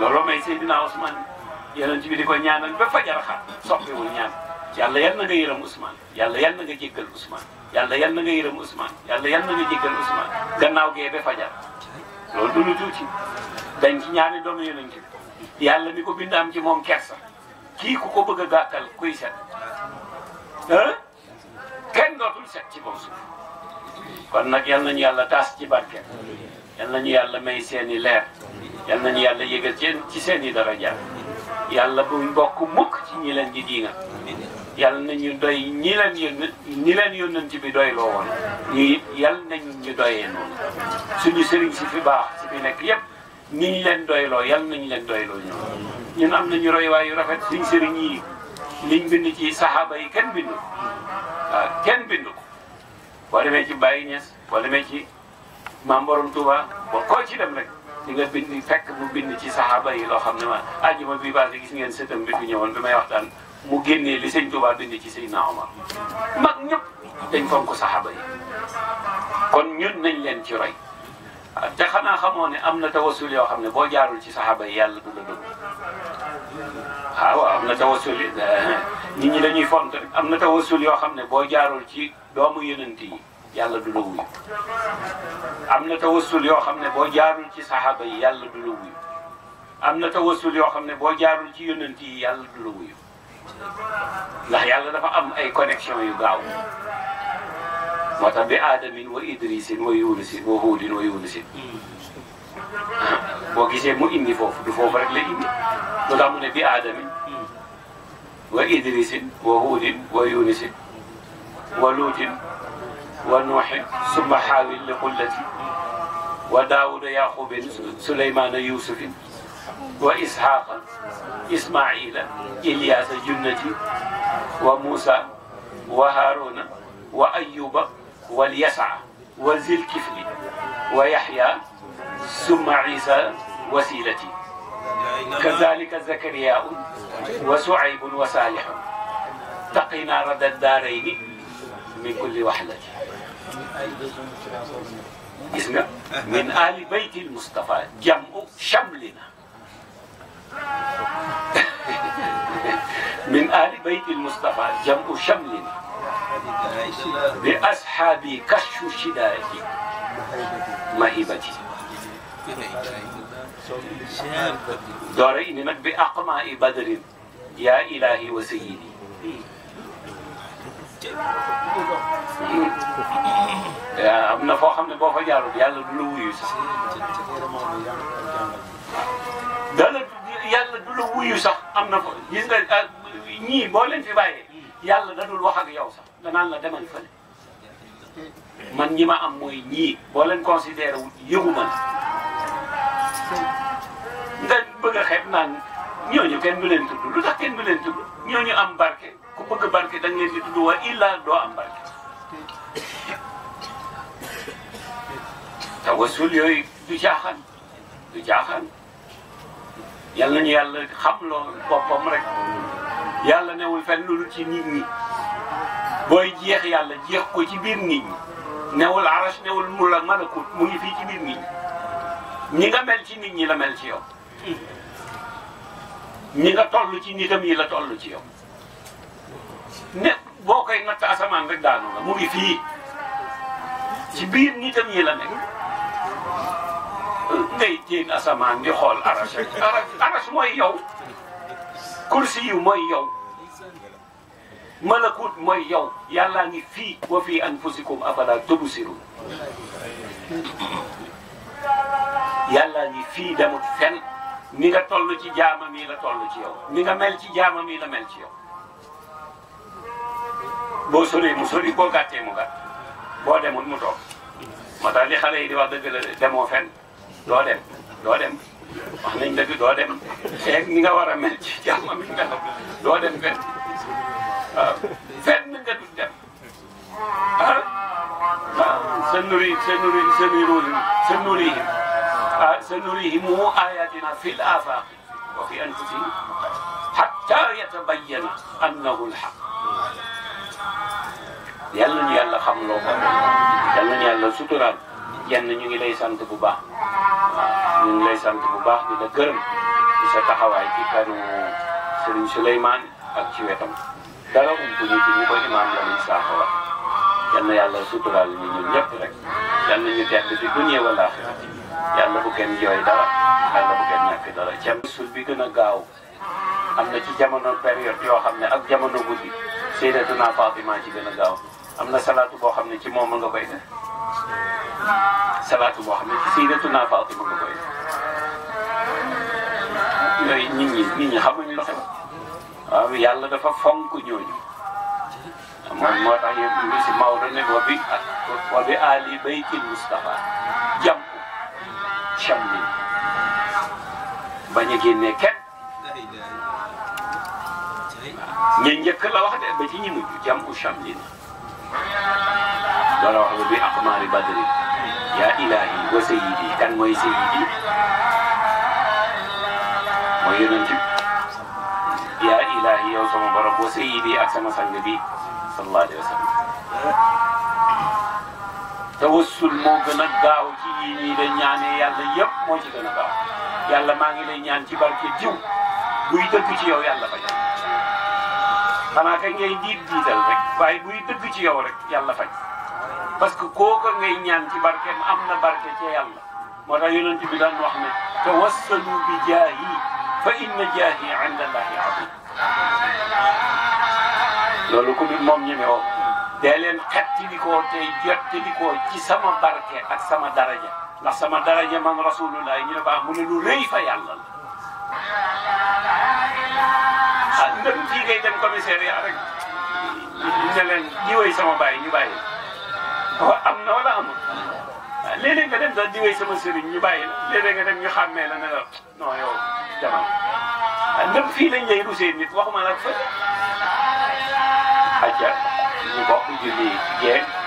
looloo may Seydina Ousmane yonent bi di ko ñaanal ba fajar xar soppiwul ñaan yàlla yan na nga yërëm Ousmane yàlla yan na nga jéggal Ousmane yàlla yan na nga yërëm Ousmane yàlla yan na nga jéggal Ousmane gannaaw gee ba fajar loolu du lu tuuti dañ ci ñaani doomu yonent ci yàlla mi ko bind am ci moom kersa kii ku ko bëgg a gàkkal kuy set ah kenn dootul set ci bon suuf kon nag yal nañu yàlla taas ci barke yal nañu yàlla may seeni leer yal nañu yàlla yégal seen ci seen i daraja yàlla buñ bokk mukk ci ñi leen di diina yàlla nañu doy ñi leen yónn ñi leen yónnant bi doy loo woon ñi it yàlla nañu ñu doyee noonu suñu sëriñ si fi baax si fi nekk yépp ni leen doyloo yàlla nañu leen doyloo ñun ñun am nañu roy waayu rafet suñu sëriñ yi liñ bind ci saxaaba yi kenn bindu kenn bindu ko boo demee ci Baye Niass boo demee ci Maam Borom Touba boo ci dem rek di nga bind fekk mu bind ci saxaaba yi loo xam ne ma àjjuma bi passé gis ngeen sëtam bi fi ñëwoon bi may waxtaan mu génnee li sëñ Tuubaa bind ci Seydina Omar mag ñëpp dañ fonk saxaaba yi kon ñun nañ leen ci roy te xanaa xamoo ne am na tawasul yoo xam ne boo jaarul ci saxaaba yi yàlla du la dugg ah, waaw am na tawasul eh, ñi dañuy font am na tawasul yoo xam ne boo jaarul ci doomu yonent yi yàlla du la wuyu am na tawassul yoo xam ne boo jaarul ci saxaaba yi yàlla du la wuyu am na tawassul yoo xam ne boo jaarul ci yonent yi yàlla du la wuyu ndax yàlla dafa am ay connexion yu gaaw moo tax bi aadamin wa idrisin wa yunusin wa huudin wa yunusin boo gisee mu indi foofu du foofu rek la indi lu tax mu ne bi aadamin wa idrisin wa huudin wa yunusin wa luutin wa nuuxin summa xaawin li xullati wa daawuda yaquubin suleymaana yuusufin wa isxaaqa ismaila ilyaasa junnati wa muusa wa haaruna wa ayuba wal yasaa wa zil kifli wa yaxya summa isa wasilati kazalika zakariyaun wa suaybun wa saalihun taqinaa rada daarayni min kulli waxlati gis nga min ahli baytil Mustafa jamu chamlina min ahli baytil Mustafa jamu chamlina bi ashaabi kashfu shidaati mahibati doora indi nag bi aqma i badrin yaa ilahi wa sayyidi am na foo xam ne boo fa jaarul yàlla du la wuyu sax. yàlla yàlla du la wuyu sax am na fa gis nga ah, ñii boo leen fi bàyyee yàlla da dul wax ak yow sax danaan la demal fële. man ñi ma am mooy ñii boo leen considéré wut yëgu ma nga bëgg a xeeb naan ñooñu du leen tudd lu tax kenn du leen tudd ñooñu am barke ku bëgg barke da nga leen di tudd illa doo am barke. rasul yooyu du jaaxaan du jaaxaan yal nañu yàlla xam loo boppam rek yàlla newul fenn lu ci nit ñi booy jeex yàlla jeex ko ci biir nit ñi newul aras newul mu malakut mu ngi fii ci biir nit ñi ñi nga mel ci nit ñi la mel ci yow ñi nga toll ci nitam yi la toll ci yow ne boo koy natt asamaan rek daanu la mu ngi fii ci biir nitam yi la nekk ngay jéem asamaan di xool aras aras mooy yow kursi yu mooy yow malakut mooy yow yàllaa ngi fii wa fii anfusikum afala tubsirun yàllaa ngi fii demut fenn ni nga toll ci jaamam yi la toll ci yow ni nga mel ci jaamam yi la mel ci yow boo soree mu sori boo gàttee mu gàtt boo demut mu toog moo tax yi di wax dëgg la demoo fenn doo dem doo dem wax nañ dëgg doo dem feeg ni nga war a mel ci jàmm mi nga xam doo dem fenn waaw fenn nga dul dem ah waaw sa nuri sa nuri sa nuri sa nuri ah sa nuri mu ayatina fil afaq wa fi anfusihim hatta yatabayyana annahu alhaq yal nañu yàlla xam loo ko yal nañu yàlla suturaal yenn ñu ngi lay sant bu baax ñu ngi lay sant bu baax di la gërëm ci sa taxawaay ci kanu Serigne ak ci wetam dara umpuñu ci ñu ko imaam la muy saaxa wax yal yàlla suturaal ñu ñun ñëpp rek yal na ci dunya wal aaxira yàlla bu gën jooy dara yàlla bu kenn ñàkk dara cem sul bi gën a gaaw am na ci jamono période yoo xam ne ak jamono guddi bi maa ci gën a gaaw am na salaatu boo xam ne ci moom nga koy def salaatu boo xam ne ci sayyidatuna Faatima koy yooyu ñi ñi xamuñ lu xew yàlla dafa fonk ñooñu moom moo tax yéen ngi si Maodo ne wa bi wa bi ali baytil Mustafa jàmm cam ni bañ a génnee kenn ña njëkk la wax de ba ci ñi mujj jàmm cam ni na wax bi ak maari badri yaa ilaahi wa sayyidi kan mooy sayyidi mooy yonent bi yaa ilaahi yow sama borom wa sayyidi ak sama sang bi sallallahu alayhi wa sallam tawassul moo gën a gaaw ci yi ñi la ñaanee yàlla yëpp moo ci maa ngi lay ñaan ci barke jiw buy dëkk ci yow yàlla fajal xanaa kay ngay diit diital rek waaye buy dëkk ci yow rek yàlla faj parce que kooka ngay ñaan ci barkeem am na barke ci yàlla moo tax yonent bi daan wax ne tawassalu bi jaahi fa inna jaahi inda allahi azim loolu ku dul moom ñeme woo dee leen xettilikoo tey ci sama barke ak sama daraja ndax sama daraja man rasulullah ñu ah, ne lu rëy fa yàlla la ah ndëm fii ngay dem commissariat am na wala amul waaw ah, léeg-léeg nga dem sax di wéy sama sëriñ ñu bàyyi la léeg-léeg nga dem ñu xàmmee la ne la non yow jamono waaw ndëm fii lañ lay rusee nit waxuma la ak